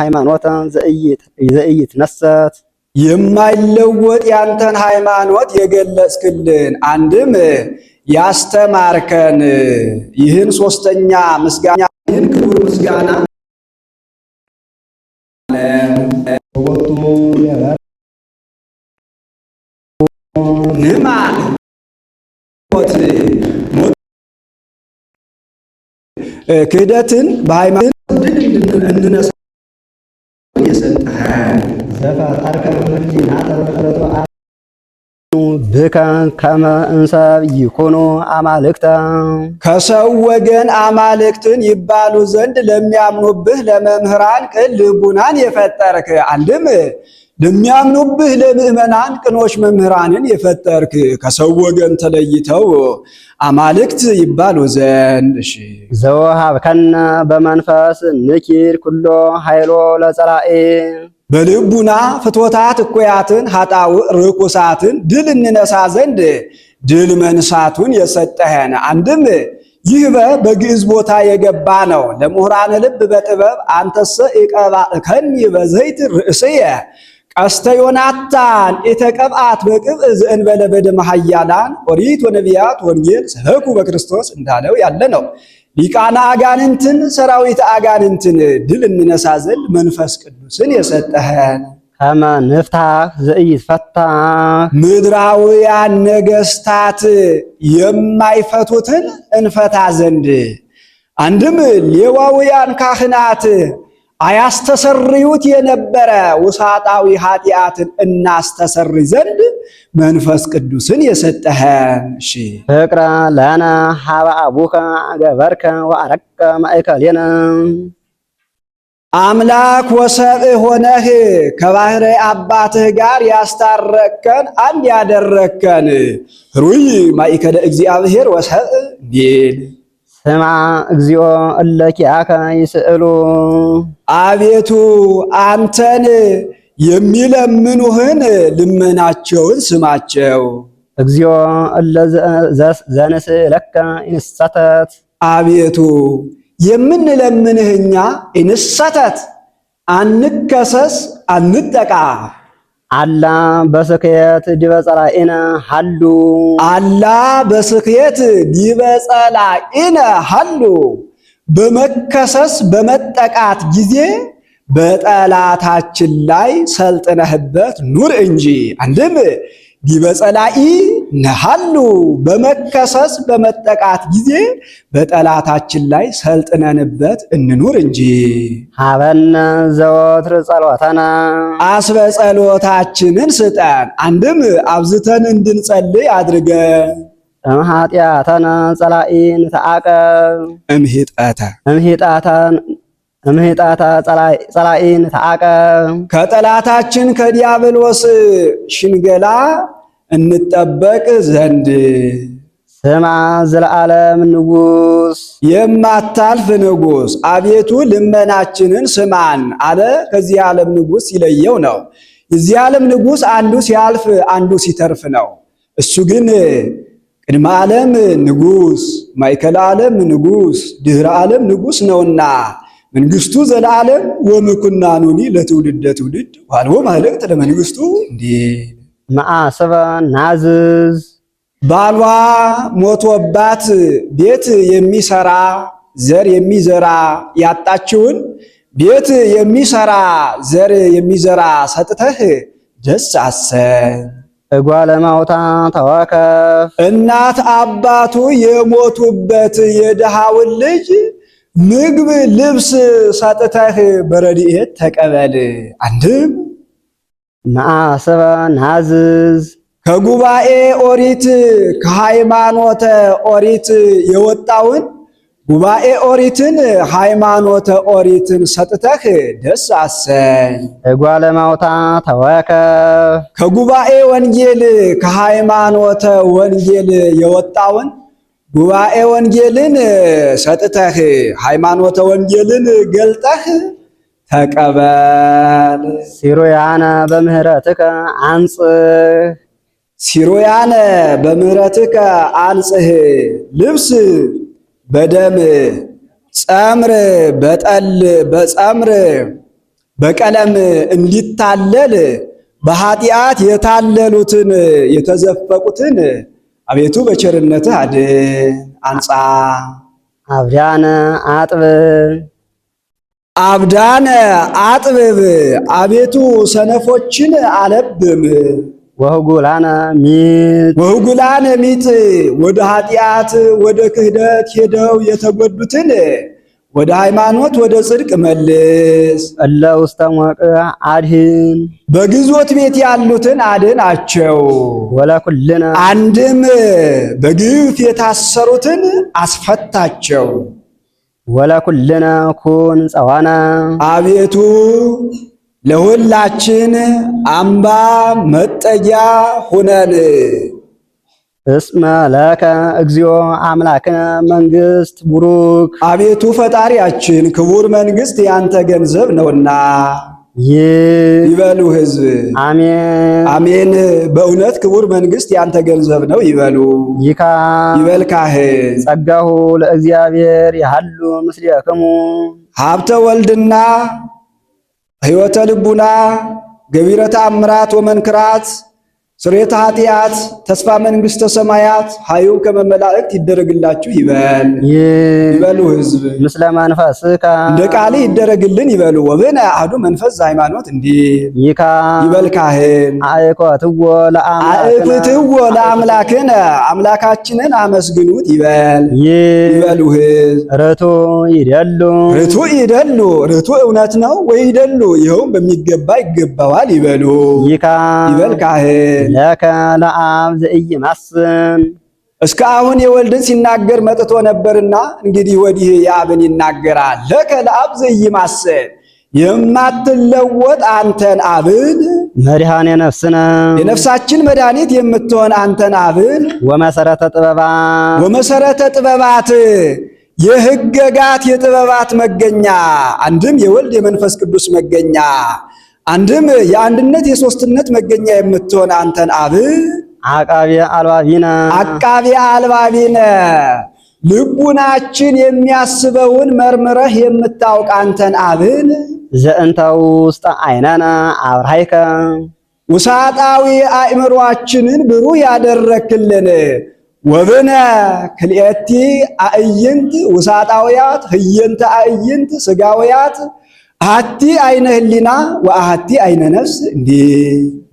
ሃይማኖተ ዘኢይትነሰት የማይለወጥ ያንተን ሃይማኖት የገለጽክልን አንድም ያስተማርከን ይህን ሶስተኛ ምስጋና ይህን ክቡር ምስጋና ንማን ክህደትን በሃይማኖት እንድንነሳ ብከ ከመ እንሰብ ይኮኑ አማልክተ ከሰው ወገን አማልክትን ይባሉ ዘንድ ለሚያምኑብህ ለመምህራን ቅን ልቡናን የፈጠርክ አንድም ለሚያምኑብህ ለምእመናን ቅኖች መምህራንን የፈጠርክ ከሰው ወገን ተለይተው አማልክት ይባሉ ዘንድ። እሺ ዘወሃብከነ በመንፈስ ንኪር ኩሎ ኃይሎ ለጸራኤ በልቡና ፍትወታት እኩያትን ሀጣው ርኩሳትን ድል እንነሳ ዘንድ ድል መንሳቱን የሰጠህን አንድም ይህ በግዕዝ ቦታ የገባ ነው። ለምሁራን ልብ በጥበብ አንተሰ ይቀባእከኒ በዘይት ርእስየ ቀስተ ዮናታን ኢተቀብአት በቅብእ ዘእንበለ በደመ ኃያላን ኦሪት ወነቢያት ወንጌል ሰበኩ በክርስቶስ እንዳለው ያለ ነው። ሊቃና አጋንንትን ሰራዊት አጋንንትን ድል እንነሳ ዘንድ መንፈስ ቅዱስን የሰጠኸን ከመ ንፍታህ ዘኢይትፈታህ ምድራውያን ነገስታት የማይፈቱትን እንፈታ ዘንድ አንድም ሌዋውያን ካህናት አያስተሰርዩት የነበረ ውሳጣዊ ኃጢአትን እናስተሰሪ ዘንድ መንፈስ ቅዱስን የሰጠኸን። እሺ ፍቅረ ለነ ሀበ አቡከ ገበርከ ወአረቀ ማእከሌነ አምላክ ወሰብእ ሆነህ ከባህረ አባትህ ጋር ያስታረከን አንድ ያደረከን ሩይ ማእከለ እግዚአብሔር ወሰብእ ቢል ስማ እግዚኦ እለ ኪያከ ይስእሉ። አቤቱ አንተን የሚለምኑህን ልመናቸውን ስማቸው። እግዚኦ እለ ዘንስእለከ ይንሰተት። አቤቱ የምንለምንህ እኛ ይንሰተት፣ አንከሰስ፣ አንጠቃ አላ በስክየት ዲበ ጸላኢነ ሀሉ አላ በስክየት ዲበ ጸላኢነ ሀሉ በመከሰስ በመጠቃት ጊዜ በጠላታችን ላይ ሰልጥነህበት ኑር እንጂ አንድም ዲበጸላኢ ነሃሉ በመከሰስ በመጠቃት ጊዜ በጠላታችን ላይ ሰልጥነንበት እንኑር እንጂ። ሀበነ ዘወትር ጸሎተነ አስበ ጸሎታችንን ስጠን። አንድም አብዝተን እንድንጸልይ አድርገን እምኃጢአተነ ጸላኢ ንተአቀብ እምሂጠተ እምሂጠተን እምህጣታ ጸላኢን ተዓቀብ ከጠላታችን ከዲያብሎስ ሽንገላ እንጠበቅ ዘንድ ስማ ዘለዓለም ንጉስ የማታልፍ ንጉስ አቤቱ ልመናችንን ስማን አለ። ከዚህ ዓለም ንጉስ ይለየው ነው። የዚህ ዓለም ንጉስ አንዱ ሲያልፍ አንዱ ሲተርፍ ነው። እሱ ግን ቅድመ ዓለም ንጉስ ማይከል ዓለም ንጉስ ድህረ ዓለም ንጉስ ነውና መንግስቱ ዘለዓለም ኑኒ ለትውልደ ትውልድ ዋልዎ ማለት ለመንግስቱ እንዴ መአሰበ ናዝዝ ባሏ ሞቶባት ቤት የሚሰራ ዘር የሚዘራ ያጣችውን ቤት የሚሰራ ዘር የሚዘራ ሰጥተህ ደስ አሰን። እጓለ እማውታ ተዋከፍ እናት አባቱ የሞቱበት የድሃውን ልጅ ምግብ ልብስ ሳጥታህ በረድኤት ተቀበል። አንድም መአሰባ ናዝዝ ከጉባኤ ኦሪት ከሃይማኖተ ኦሪት የወጣውን ጉባኤ ኦሪትን ሃይማኖተ ኦሪትን ሰጥተህ ደስ አሰኝ። እጓለማውታ ተወከፍ ከጉባኤ ወንጌል ከሃይማኖተ ወንጌል የወጣውን ጉባኤ ወንጌልን ሰጥተህ ሃይማኖተ ወንጌልን ገልጠህ ተቀበል። ሲሩያነ በምህረትከ አንጽህ ሲሩያነ በምህረትከ አንጽህ ልብስ በደም ጸምር በጠል በጸምር በቀለም እንዲታለል በኃጢአት የታለሉትን የተዘፈቁትን አቤቱ በቸርነት አድ አንጻ አብዳነ አጥብብ አብዳነ አጥብብ አቤቱ ሰነፎችን አለብም። ወህጉላነ ሚጥ ወህጉላነ ሚት ወደ ኃጢአት ወደ ክህደት ሄደው የተጎዱትን ወደ ሃይማኖት ወደ ጽድቅ መልስ። እለ ውስተ ሞቅዕ አድህን በግዞት ቤት ያሉትን አድናቸው። ወለኩልነ አንድም በግፍ የታሰሩትን አስፈታቸው። ወለኩልነ ኩን ጸዋና አቤቱ ለሁላችን አምባ መጠጊያ ሁነን እስመ ለከ እግዚኦ አምላክነ መንግስት ቡሩክ። አቤቱ ፈጣሪያችን ክቡር መንግስት ያንተ ገንዘብ ነውና ይበሉ ህዝብ። አሜን አሜን። በእውነት ክቡር መንግስት ያንተ ገንዘብ ነው ይበሉ። ይካ ይበል ካህን ጸጋሁ ለእግዚአብሔር ያሃሉ ምስሌክሙ ሀብተ ወልድና ህይወተ ልቡና ገቢረ ተአምራት ወመንክራት ስርየተ ኃጢአት ተስፋ መንግስተ ሰማያት ሀዩ ከመመላእክት ይደረግላችሁ ይበል ይበሉ ህዝብ ምስለ መንፈስከ እንደ ቃልህ ይደረግልን ይበሉ ወብነ አሐዱ መንፈስ ዘሃይማኖት እንዲ ይካ ይበል ካህን አእኮትዎ ለአእኩትዎ ለአምላክን አምላካችንን አመስግኑት ይበል ይበሉ ህዝብ ርቱ ይደሉ ርቱ ይደሉ ርቱ እውነት ነው ወይ ይደሉ ይኸውም በሚገባ ይገባዋል ይበሉ ይካ ይበል ካህን ለከ ለአብ እስከ አሁን የወልድን ሲናገር መጥቶ ነበርና እንግዲህ ወዲህ የአብን ይናገራል። ለከ ለአብ ዘኢይማስም የማትለወጥ አንተን አብን መድኃኔ ነፍስነ የነፍሳችን መድኃኒት የምትሆን አንተን አብን ወመሰረተ ጥበባት ወመሰረተ ጥበባት የህገጋት የጥበባት መገኛ አንድም የወልድ የመንፈስ ቅዱስ መገኛ አንድም የአንድነት የሶስትነት መገኛ የምትሆን አንተን አብ አቃቢያ አልባቢነ አቃቢያ አልባቢነ ልቡናችን የሚያስበውን መርምረህ የምታውቅ አንተን አብን ዘእንተ ውስጥ ዓይነነ አብርሃይከ ውሳጣዊ አእምሯችንን ብሩህ ያደረክልን ወብነ ክልኤቲ አእይንት ውሳጣውያት ህየንተ አእይንት ስጋውያት አሐቲ አይነ ህሊና ወአሐቲ አይነ ነፍስ እንዴ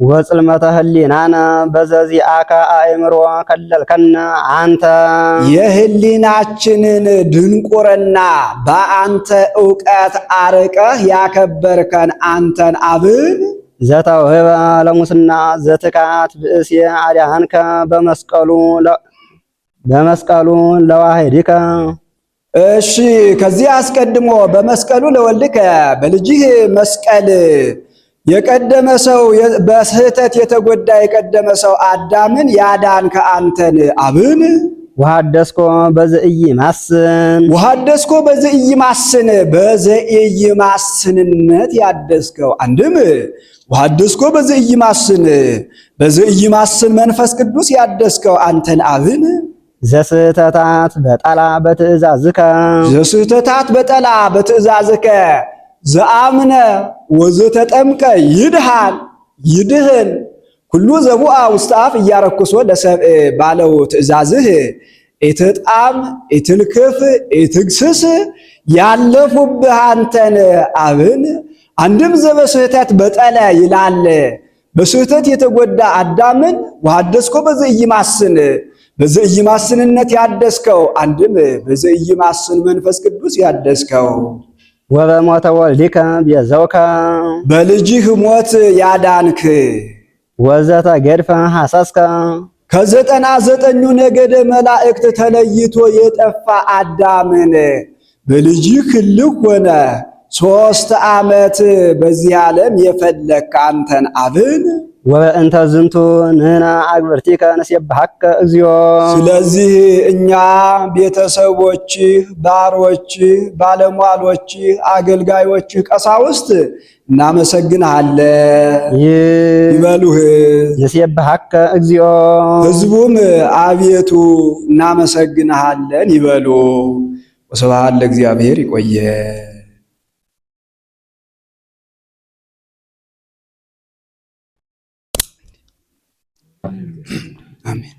ወጽልመተ ህሊናነ በዘዚአከ አእምሮ ከለልከነ አንተ የህሊናችንን ድንቁርና በአንተ ዕውቀት አርቀህ ያከበርከን አንተን አብን ዘተውህበ ለሙስና ዘትካት ብእሴ አድኀንከ በመስቀሉ ለዋሂድከ እሺ ከዚህ አስቀድሞ በመስቀሉ ለወልድከ በልጅህ መስቀል የቀደመ ሰው በስህተት የተጎዳ የቀደመ ሰው አዳምን ያዳን አንተን አብን ወሐደስኮ በዘእይ ማስን ወሐደስኮ በዘእይ ማስን በዘእይ ማስንነት ያደስከው አንድም ወሐደስኮ በዘእይ ማስን በዘእይ ማስን መንፈስ ቅዱስ ያደስከው አንተን አብን ዘስህተታት በጠላ በትእዛዝከ ዘስህተታት በጠላ በትእዛዝከ ዘአምነ ወዘተጠምቀ ይድሃል ይድህን ሁሉ ዘቡአ ውስተ አፍ እያረኩሶ ለሰብእ ባለው ትእዛዝህ ኢትጣም ኢትልክፍ ኢትግስስ ያለፉብህ አንተን አብን አንድም ዘበስህተት በጠለ ይላል። በስህተት የተጎዳ አዳምን ወሐደስኮ ይማስን በዘይ በዘኢይማስንነት ያደስከው አንድም በዘይ በዘኢይማስን መንፈስ ቅዱስ ያደስከው ወበሞተ ወልድከ ቤዛውከ በልጅህ ሞት ያዳንክ ወዘተ ገድፈ ሐሰስከ ከዘጠና ዘጠኙ ነገደ መላእክት ተለይቶ የጠፋ አዳምን በልጅህ እልህ ሆነ ሦስት ዓመት በዚህ ዓለም የፈለግከ አንተን አብን ወበእንተ ዝንቱ ንሕና አግብርቲከ ንሴብሐከ እግዚኦ። ስለዚህ እኛ ቤተሰቦችህ፣ ባሮችህ፣ ባለሟሎችህ፣ አገልጋዮችህ ቀሳውስት እናመሰግንሃለን ይበሉህ። ንሴብሐከ እግዚኦ። ህዝቡም አቤቱ እናመሰግንሃለን ይበሉ። ወስብሐት ለእግዚአብሔር። ይቆየ Amén.